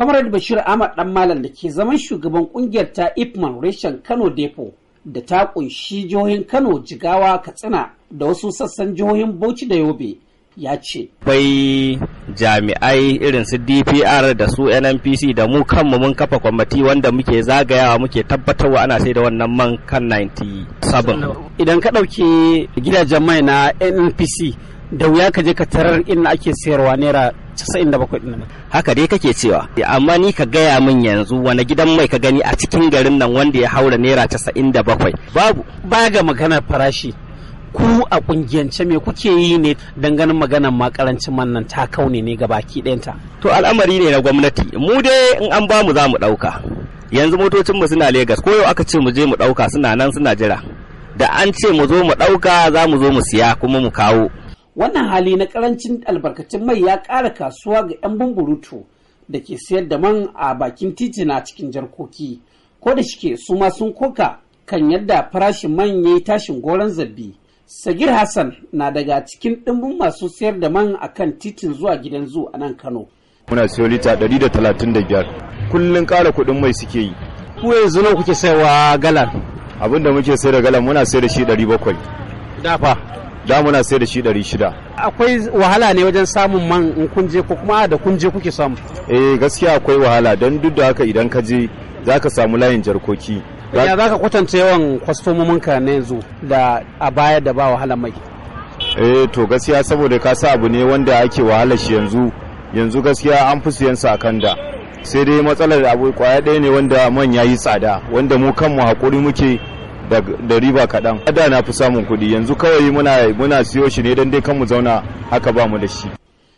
Comrade Bashir Ahmad dan Malam da ke zaman shugaban kungiyar ta Ipman reshen Kano Depo da ta kunshi jihohin Kano Jigawa Katsina da wasu sassan jihohin Bauchi da Yobe ya ce. Akwai jami'ai irin su DPR da su NNPC da mu kanmu mun kafa kwamiti wanda muke zagayawa muke tabbatarwa ana sai da wannan man kan 97. Idan ka ɗauki gidajen mai na NNPC da wuya ka je ka tarar inda ake sayarwa naira 97 haka dai kake cewa amma ni ka gaya min yanzu wani gidan mai ka gani a cikin garin nan wanda ya haura naira 97 babu ba ga magana farashi ku a kungiyance me kuke yi ne ganin maganar ma karancin man ta kaune ne ga baki ɗayanta to al'amari ne na gwamnati mu dai in an ba mu za mu ɗauka yanzu motocin mu suna Legas ko yau aka ce mu je mu ɗauka suna nan suna jira da an ce mu zo mu ɗauka za mu zo mu siya kuma mu kawo wannan hali na karancin albarkacin mai ya ƙara kasuwa ga 'yan bumburutu da ke sayar da man a bakin titina cikin jarkoki ko da shike su ma sun koka kan yadda farashin man ya yi tashin goron zabbi sagir hassan na daga cikin ɗimbin masu sayar da man a kan titin zuwa gidan zu a nan kano muna siyo lita 135 kullum ƙara kuɗin mai suke yi ku yanzu nan kuke saiwa galan abinda muke sayar da galan muna sayar da shi 700 dafa da muna sai da shi ɗari shida. Akwai wahala ne wajen samun man in kun je ko kuma da kun kuke samu? Eh gaskiya akwai wahala don duk da haka idan ka je za ka samu layin jarkoki. Ya za ka kwatanta yawan kwastomomin ka na yanzu da a baya da ba wahala mai? Eh to gaskiya saboda ka sa abu ne wanda ake wahala shi yanzu yanzu gaskiya an fi siyan sa kan da. Sai dai matsalar abu kwaya ɗaya ne wanda man ya yi tsada wanda mu kanmu haƙuri muke da riba kaɗan da na fi samun kuɗi yanzu kawai muna siyo shi ne don dai kan mu zauna haka ba mu da shi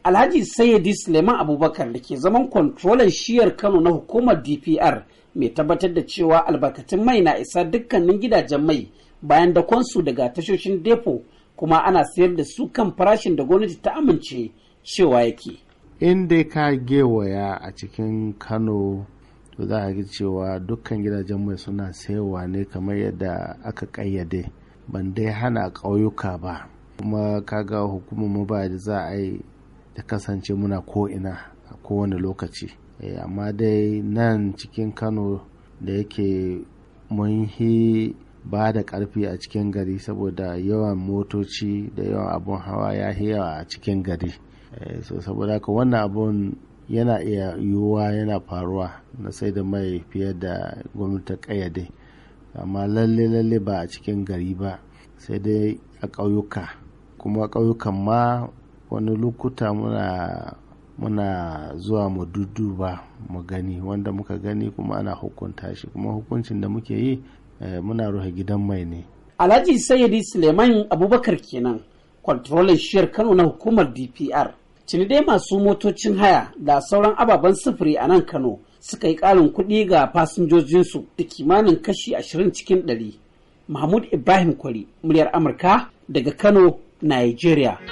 alhaji sayyidi suleiman abubakar da ke zaman kwantrolan shiyar kano na hukumar dpr mai tabbatar da cewa albarkatun mai na isa dukkanin gidajen mai bayan su daga tashoshin depo kuma ana sayar da su kan farashin da gwamnati ta amince cewa yake in dai ka gewaya a cikin kano to za a ga cewa dukkan gidajen mai suna sayowa ne kamar yadda aka kayyade ban dai hana ƙauyuka ba kuma kaga hukumar mu ba da za a yi ta kasance muna ko'ina a kowane lokaci eh, amma dai nan cikin kano da yake mun yi ba da karfi a cikin gari saboda yawan motoci da yawan abun hawa ya yawa a cikin gari eh, so saboda haka wannan abun yana iya yiwuwa yana faruwa na sai da mai fiye da gwamnati ta kayyade amma lalle lalle ba a cikin gari ba sai dai a ƙauyuka kuma ƙauyukan ma wani lokuta muna muna zuwa mu ba mu gani wanda muka gani kuma ana hukunta shi kuma hukuncin da muke yi eh, muna rufe gidan mai ne alhaji sayyidi suleiman abubakar kenan kwantarolin shiyar kano na hukumar dpr cini dai masu motocin haya da sauran ababen sufuri a nan kano suka yi ƙarin kuɗi ga fasinjojinsu da kimanin kashi ashirin cikin ɗari mahmud ibrahim kwari muryar amurka daga kano nigeria